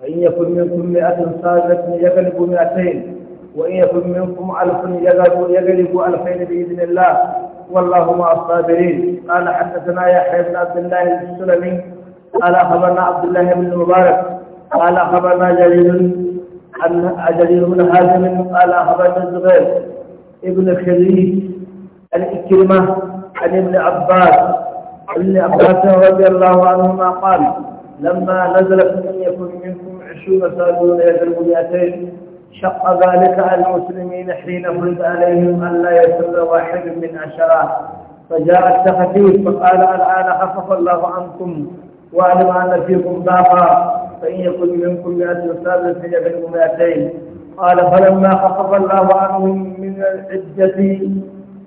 فإن يكن منكم مئة صابرة يغلب مئتين وإن يكن منكم ألف يغلب ألفين بإذن الله والله ما الصابرين قال حدثنا يحيى بن عبد الله السلمي قال خبرنا عبد الله بن المبارك قال خبرنا جليل عن جليل بن حازم قال خبرنا الزبير ابن خليل عن عن ابن عباس ابن عباس رضي الله عنهما قال لما نزلت من يكن منكم عشرون سالون يدرب مئتين شق ذلك على المسلمين حين فرض عليهم أن لا يسر واحد من عشرة فجاء التخفيف فقال الآن خفف الله عنكم واعلم أن فيكم ضعفا فإن يكن منكم مئة أستاذ فليكن مئتين قال فلما خفف الله عنهم من العدة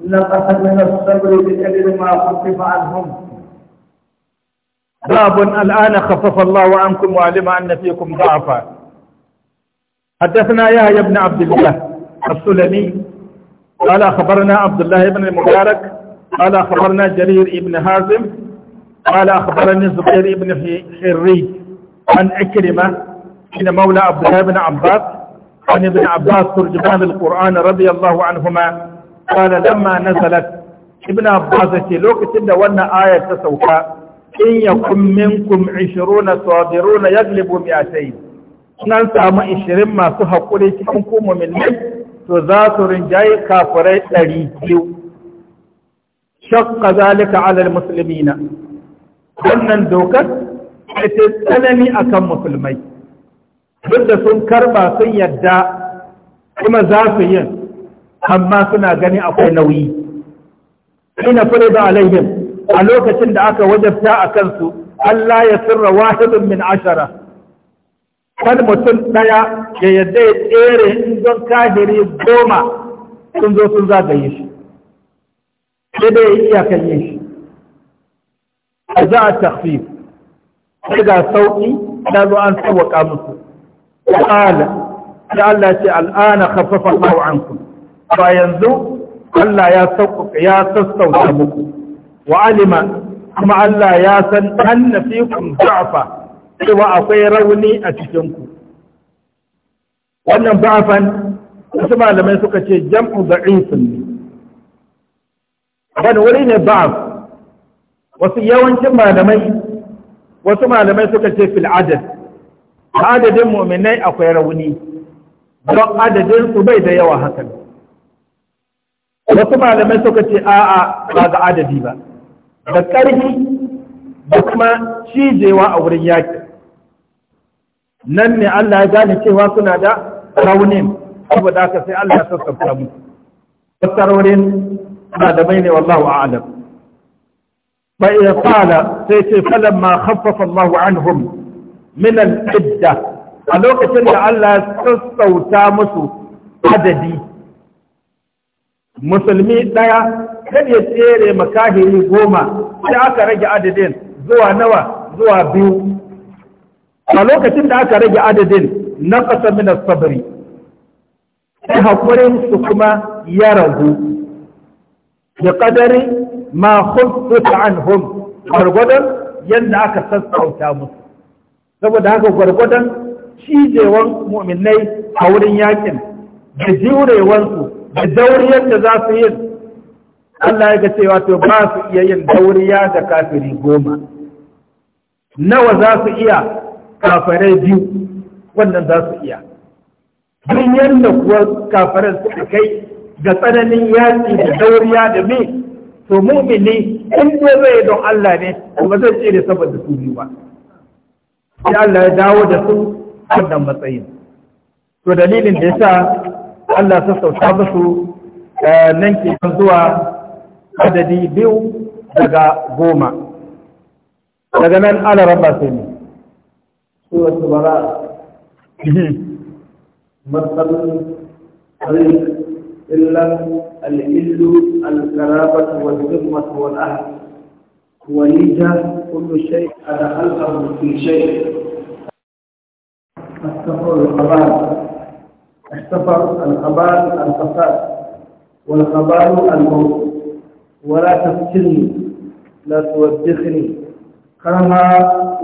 نقصت من الصبر بقدر ما خفف عنهم باب الآن خفف الله عنكم وعلم أن فيكم ضعفا حدثنا يحيى بن عبد الله السلمي قال أخبرنا عبد الله بن المبارك قال أخبرنا جرير بن هازم قال أخبرني زبير بن حري عن أكرمة إن مولى عبد الله بن عباس عن ابن عباس ترجمان القرآن رضي الله عنهما قال لما نزلت ابن عباس لوك تبدأ وانا آية تسوكا إن يكن منكم عشرون صابرون يغلبوا مئتين nan samu ishirin masu haƙuri cikin kuma muminai to za su rinjaye kafirai ɗari biyu shakka zalika alal musulmina wannan dokar ita tsanani akan musulmai duk da sun karba sun yadda kuma za su yin amma suna gani akwai nauyi ina fure da alaihim a lokacin da aka wajabta a kansu Allah ya sirra wahidun min ashara Wani mutum ɗaya ya yadda ya tsere zon don kahiri goma sun zo sun zagaye shi sai dai iyakan yin shi a za a tafi sai ga sauƙi Na zo an sauwaƙa musu ƙala da Allah ce al'ana khaffafa Allahu ankum ba yanzu Allah ya sauƙaƙa ya sassauta muku wa alima kuma Allah ya san anna kun da'fa cewa akwai rauni a cikinku wannan ba'afan wasu malamai suka ce jam'u da'ifin ne wani wuri ne ba'af wasu yawancin malamai wasu malamai suka ce fil adad adadin mu'minai akwai rauni don adadin su bai da yawa hakan wasu malamai suka ce a'a ba ga adadi ba da ƙarfi da kuma cijewa a wurin yaƙi nan ne Allah ya gane cewa suna da raunin saboda haka sai Allah ya sassauta musu fassarorin na da bai ne wallahu a'lam fa fala sai ce ma khaffafa Allahu anhum min al-idda a lokacin da Allah ya sassauta musu adadi musulmi daya kan ya tsere makahiri goma sai aka rage adadin zuwa nawa zuwa biyu a lokacin da aka rage adadin na ƙasa mina sabari sai haƙurin su kuma ya ragu da ƙadari ma ta an hum gwargwadon yadda aka sassauta musu saboda haka gwargwadon cijewan mu'minai a wurin yakin da jurewansu da dauriyar da za su yi Allah ya ga cewa to ba su iya yin dauriya da kafiri goma nawa za su iya kafarai biyu wannan za su iya don yadda kuwa kafaran suka kai ga tsananin yaƙi da dauriya da me to mumini in ko zai don Allah ne kuma zai ce da saboda su biyu ba sai Allah ya dawo da su wannan matsayin to dalilin da ya sa Allah sassauta sauta musu eh, nan ke zuwa adadi biyu daga goma daga nan allah rabba sai ne سورة براء مثل طريق إلا الإل القرابة والذمة والأهل وليجا كل شيء على أدخلته في شيء السفر الخبال السفر الخبال الفساد والخبال الموت ولا تفتني لا توبخني كما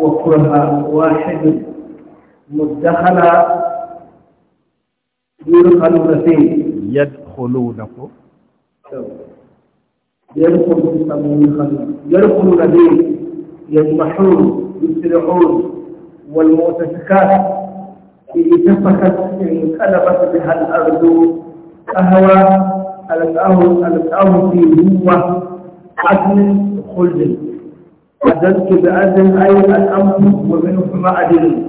وكرها واحد مدخل يدخلون فيه يدخلون يدخلون يدخلون فيه يذبحون يسرعون والمؤتفكات إذا فكت انقلبت بها الأرض قهوة ألقاه ألقاه في هوة عدل خلد أذنت بأذن أي الأمر ومنه معدن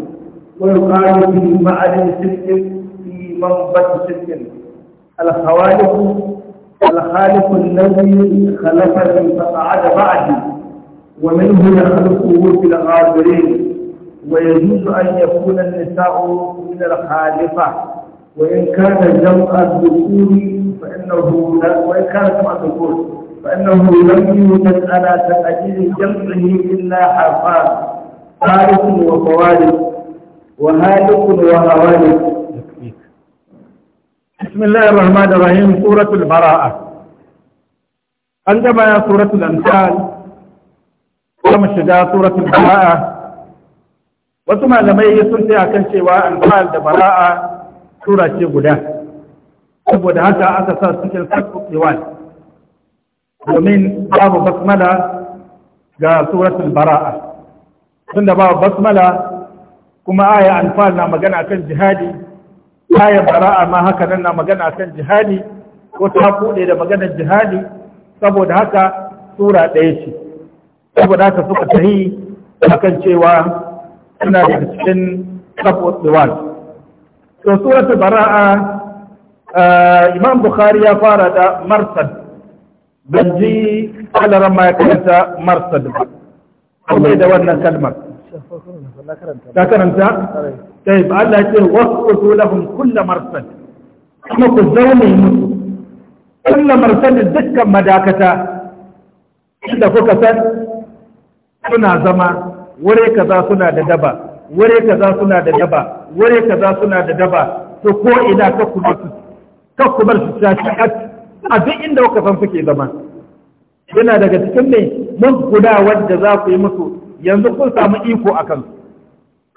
ويقال في معدن ست في منبت ست الخوالف الخالق الذي خلقني فقعد بعدي ومنه يخلقه في الغابرين ويجوز أن يكون النساء من الخالفة وإن كان جمع الذكور فإنه لا وإن كان جمع الذكور فانه لم يوجد على تاجيل جمعه الا حرفان خالق وخوارج وهالك وهوالك بسم الله الرحمن الرحيم سورة البراءة عندما يا سورة الأمثال كما شجاع سورة البراءة وثم لم يسن فيها كان شواء أنفال البراءة سورة شيء قدام سبب هذا أساس سورة الكتب domin babu basmala ga suratul bara'a tunda babu basmala kuma aya anfal na magana kan jihadi aya bara'a ma haka nan na magana kan jihadi ko ta kuɗe da maganar jihadi saboda haka sura ɗaya ce saboda haka suka tahi akan cewa suna da cikin sabuwar to suratul bara'a eh, imam bukhari ya fara da martan ban ji kalaran ma marsa da ba da wannan kalmar ta karanta ta yi Allah ce wasu lafin kulla marsa kuma ku zaune musu marsa da dukkan madakata inda kuka san suna zama wuri kaza suna da daba wuri kaza suna da daba wuri kaza suna da daba to ko ina ka kuma su ka kuma su tashi a duk inda kuka san suke zama yana daga cikin mai guda wanda za ku yi musu yanzu kun samu iko a kan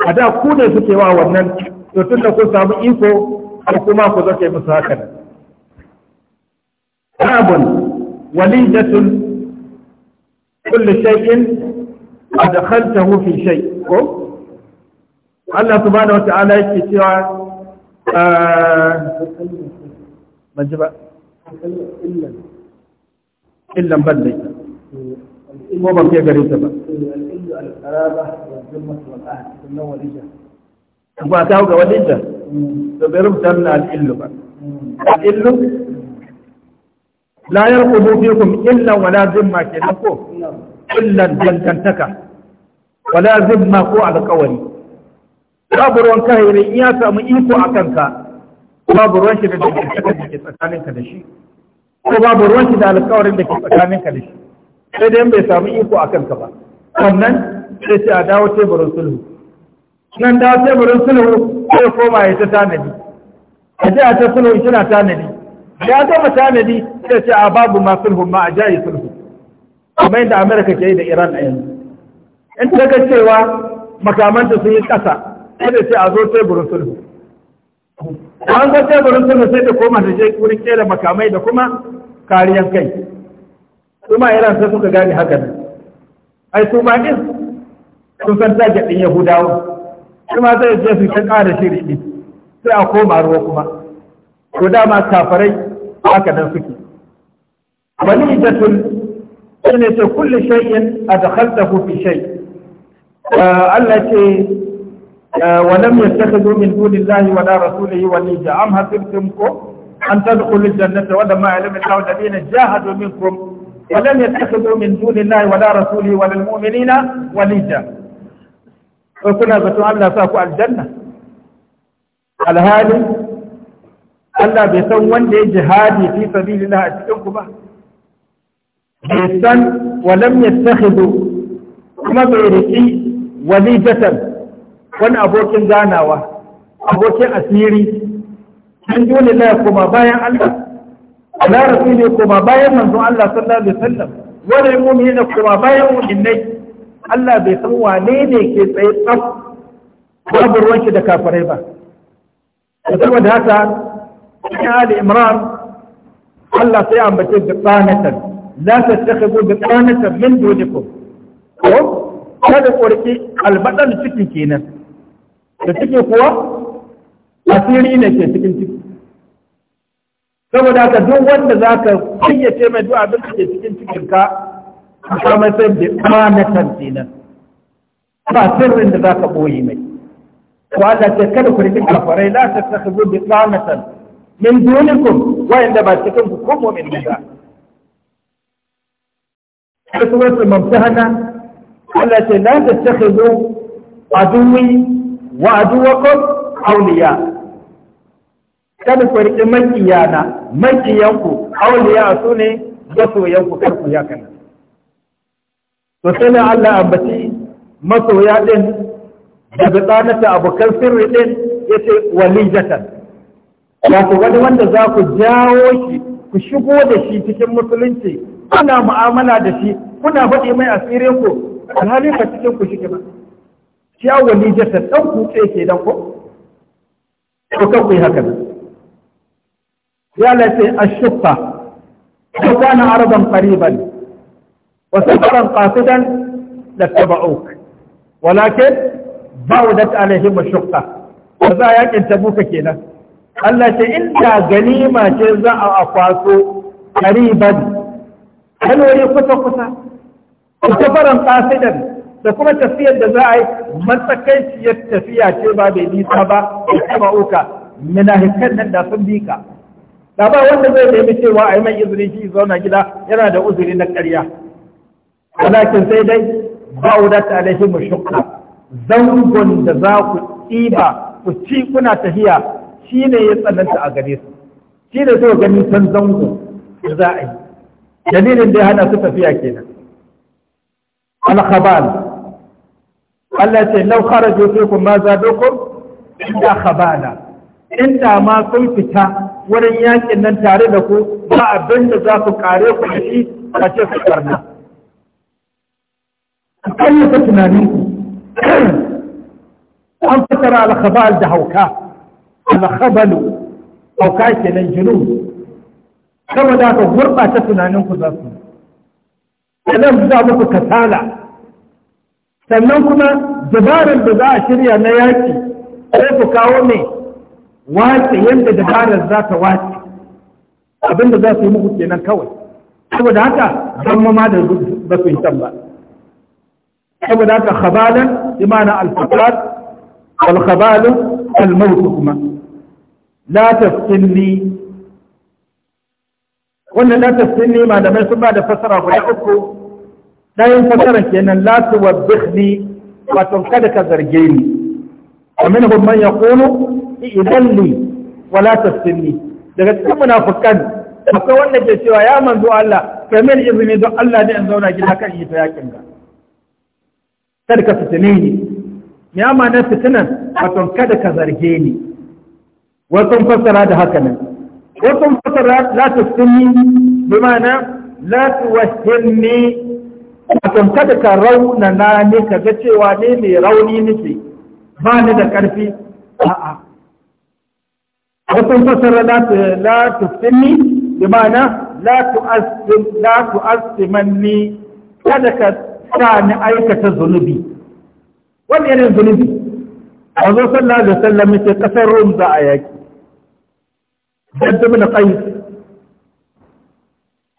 a da ku ne suke wa wannan to tun da kun samu iko har kuma ku yi musu haka babun walidatun kulli shay'in adkhaltahu fi shay ko Allah subhanahu wa ta'ala yake cewa ah, a illan ban da ita ko ban fiye gare ta ba ba ta ga walinta to bai rubuta na al'illu ba al'illu la yarqubu kum illan wala zimma kenan ko illan dangantaka wala zimma ko alƙawari babu ruwan kahiri in ya samu iko a kanka ko babu ruwan shi da dangantakar da ke tsakanin da shi ko babu ruwan shi da alƙawarin da ke da shi sai dai bai samu iko a kanka ba sannan sai sai a dawo teburin sulhu nan dawo teburin sulhu sai koma ya ta tanadi a ji a ta sulhu shi na tanadi ya gama tanadi sai ce a babu ma sulhu ma a jayi sulhu kamar yadda amurka ke yi da iran a yanzu in ta ga cewa makamanta sun yi ƙasa sai ce a zo teburin sulhu an ga teburin suna sai ta koma da je wurin kera makamai da kuma kariyar kai kuma ma sai suka gane haka nan ai su ma din sun san zai din yahudawa su ma sai je su ta ƙara shiri din sai a koma ruwa kuma to dama kafarai haka nan suke wani jatul ne ce kullu shay'in adkhaltahu fi shay uh, Allah ce آه، ولم يتخذوا من دون الله ولا رسوله وليجا أم حسبتمكم أن تدخلوا الجنة ولما علم الله الذين جاهدوا منكم ولم يتخذوا من دون الله ولا رسوله ولا المؤمنين وليجا وكنا بتو لا ساقوا الجنة aljanna ألا Allah bai san wanda ya jihadi fi sabilillah ولم يتخذوا ku ba wani abokin ganawa abokin asiri an dole la kuma bayan Allah ala rasuli kuma bayan manzon Allah sallallahu alaihi wasallam wani mu'mini kuma bayan mu'minai Allah bai san wane ne ke tsaye tsaf babu ruwan shi da kafirai ba da saboda haka cikin Ali Imran Allah sai ambace da tsanatan la tattakhibu bi tsanatan min dunikum ko kada korki albadan cikin kenan da ciki kuwa asiri ne ke cikin ciki saboda haka duk wanda za ka fayyace mai duk abin da ke cikin cikinka a samar sai da amanatan kenan ba sirrin da za ka ɓoye mai ko Allah ce kada ku rikin kafarai la ta saka zo bi tsanatan min dunikum wayanda ba cikin ku ko mu'min ne ba sai suratul mumtahana Allah ce la ta saka zo aduwi wa aduwakum awliya kada ku na makiyana makiyanku awliya su ne masoyanku kar ku ya kana to sai na Allah ambaci masoya din daga tsanata abokan sirri din yace walijatan wato wani wanda za ku jawo shi ku shigo da shi cikin musulunci kuna mu'amala da shi kuna faɗi mai asirin ku ba cikin ku shi ba ya wali jasad ɗan kutse ke dan ko to kan ku haka nan ya lafi ashqa ko kana araban qariban wa safaran qasidan lattaba'uk walakin ba'udat alaihim ashqa fa za yakin buka kenan Allah ce inda ganima ce za a akwaso qariban kalori kusa kusa safaran qasidan da kuma tafiyar da za a yi matsakaiciyar tafiya ce ba bai nisa ba kuma uka munafikan nan da sun bi da ba wanda zai nemi cewa a yi mai izini shi zauna gida yana da uzuri na karya. walakin sai dai ba ba'udat mu shukka zangon da za ku ɗiba ku ci kuna tafiya shi ne ya tsananta a gare su shi ne sai gani san zango da za a yi dalilin da ya hana su tafiya kenan al Allah ce lau kharaju ku ma zadukum inda khabala inda ma sun fita wurin yakin nan tare da ku ba abin da za ku kare ku shi a ce su karna kan ta tunanin ku an fitar al-khabal da hauka al-khabalu hauka kenan junu saboda ka gurɓata tunanin ku za su idan za muku kasala sannan kuma dabarar da za a shirya na yaki ko ku kawo ne wace yadda dabarar za ta wace abin da za su yi muku kenan kawai saboda haka zan ma da ba su yi can ba saboda haka khabalan imana al-fakar wal khabalu al-maut kuma la tafsinni wannan la tafsinni malamai sun ba da fasara guda uku ɗayan fasarar kenan la tuwabbihni wato kada ka zarge ni wa minhum man yaqulu idalli wa la tafsinni daga cikin munafikan akwai wanda ke cewa ya manzo Allah kai min izini don Allah ne in zauna gida kan yi ta yakin ka kada ka fitine ni ya ma fitinan wato kada ka zarge ni wasu fassara da haka nan wasu fassara la tafsinni bi ma'ana la tuwahhilni wato kada ka raunana ne ka ga cewa ne mai rauni nufi ba ni da ƙarfi a'a wasu fasara la sinni bi ma'ana la tu'assim la tu'assimanni kada ka sa ni aikata zunubi wani irin zunubi A wanzu sallallahu alaihi wasallam ce kasar rum za a yaki dan dubna qais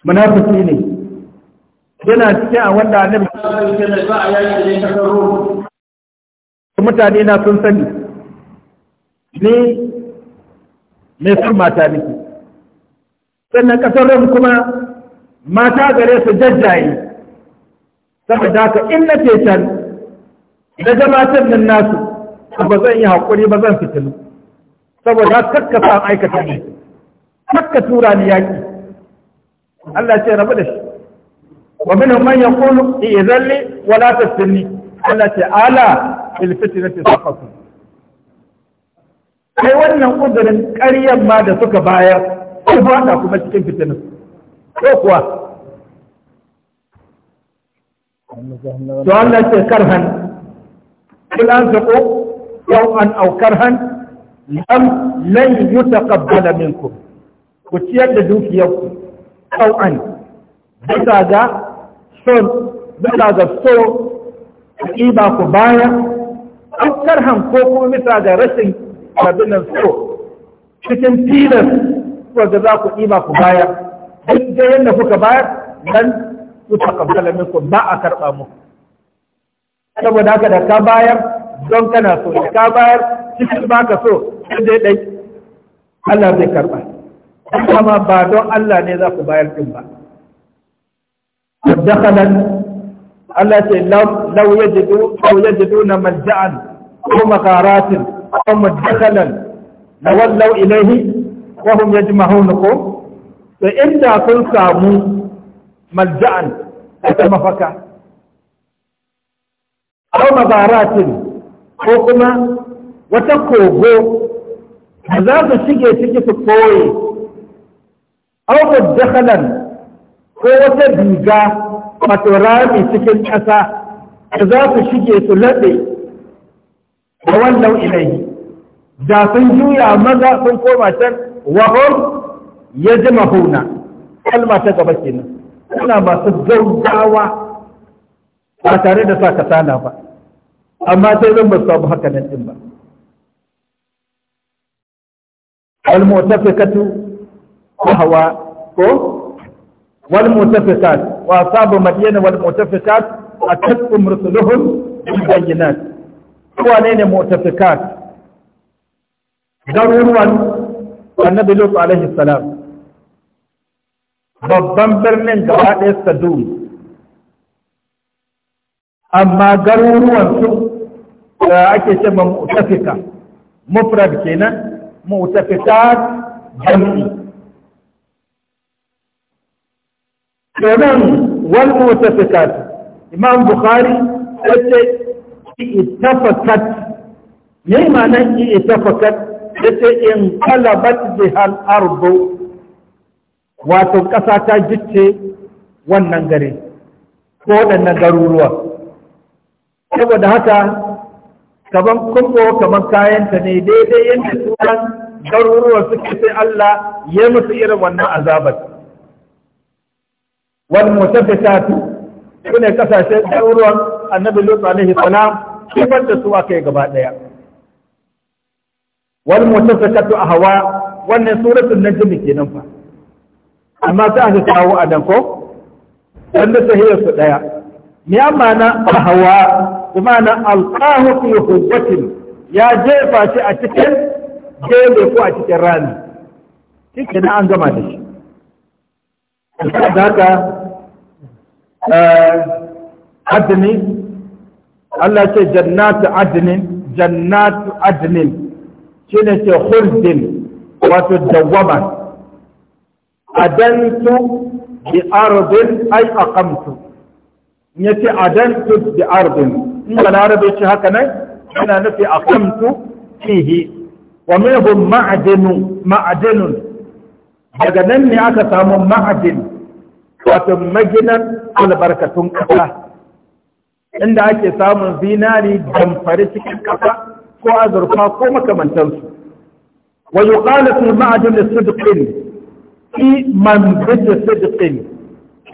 munafiki ne yana cikin a wanda annabi mutane na sun sani ni mai son mata niki sannan kasar rom kuma mata gare su jajjaye saboda haka in na can da gabatar nan nasu ba zan yi haƙuri ba zan fitilu saboda kakka sa aikata ne kakka tura ni yaƙi Allah ce rabu da shi wa من man yaqulu izalli ولا la tasni Allah ta'ala fil fitnati saqatu kai wannan uzurin ƙaryan ma da suka bayar sai fada kuma cikin fitinin ko kuwa to Allah ce karhan kul an saqu an au karhan lam lan yutaqabbala minkum ku ciyar da dukiyarku au an bisa ga so bisa ga so ku ɗiba ku baya an karhan ko kuma bisa ga rashin abinan so cikin tilas kuka za ku ɗiba ku baya duk da yadda kuka bayar dan ku takabbala minkum ba a karɓa muku saboda haka da ka bayar don kana so da ka bayar cikin ba ka so sai dai dai Allah zai karɓa amma ba don Allah ne za ku bayar ɗin ba ودخلت التي لو لو يجدوا لو يجدون ملجأ أو مغارات أو مدخلا لولوا إليه وهم يجمعونكم فإن كن ساموا ملجأ أتمفكا أو مغارات ko kuma wata kogo da za su shige ciki su koye au mudakhalan ko wata riga wato rami cikin ƙasa da za su shige su laɗe da wannan ilayi da sun juya maza sun koma can wahon ya ji mahuna kalma ta gaba kenan suna masu gaugawa ba tare da sa kasana ba amma sai zan ba su samu haka nan ɗin ba al-mu'tafikatu hawa ko wal mutafikat wa sabu madiyana wal mutafikat a tattum rusuluhum bil bayyinat kowane ne mutafikat garuruwan annabi lut alaihi salam babban birnin gaba ɗaya sadum amma garuruwan su da ake ce ma mutafika mufrad kenan mutafikat jam'i kenan wal mutafikat imam bukhari yace ittafakat yayi ma'anar ya yace in qalabat bihal ardu wato ƙasa ta jice wannan gari ko waɗannan garuruwa saboda haka kaman kumbo kaman kayanta ne daidai yadda sunan garuruwa suke sai Allah ya musu irin wannan azabar wal mutabbitatu sune kasashe ɗaruruwan annabi lutu alaihi salam ban da su aka yi gaba ɗaya wal a ahwa wannan suratul ke nan fa amma sai aka kawo a nan ko dan da sahiyar su ɗaya me amma na ahwa kuma na alqahu fi hujjatin ya jefa shi a cikin gele ko a cikin rani, shi an gama da shi da haka adini Allah ce jannatu adinin jannatu adinin ne ce khurdin wato dawwama adantu bi ardin ay aqamtu yace adantu bi ardin in balarabe shi haka nan yana nufi aqamtu fihi wa minhum ma'dinu ma'dinun daga nan ne aka samu ma'adin wato maginan albarkatun kasa inda ake samun zinari damfari cikin kasa ko azurfa ko makamantansu wa yuqalu fil ma'din sidqin fi man bi sidqin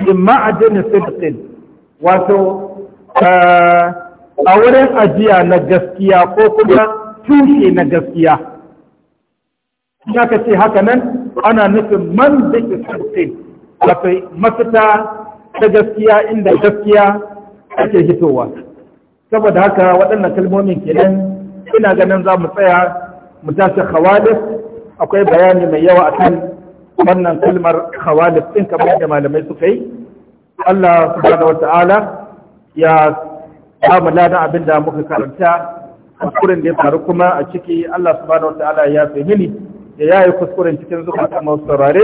fi ma'din sidqin wato eh, a wurin ajiya na gaskiya ko kuma tushe na gaskiya ina ka ce haka nan ana nufin man bi sidqin wato mafita ta gaskiya inda gaskiya ake hitowa saboda haka waɗannan kalmomin kenan ina ganin za mu tsaya mu tashi khawalif akwai bayani mai yawa akan wannan kalmar khawalif ɗin kamar da malamai suka yi Allah subhanahu wata'ala ya samu ladan abin da muka karanta kuskuren da ya faru kuma a ciki Allah subhanahu wata'ala ya fi mini da ya yi kuskuren cikin zukatan masu saurare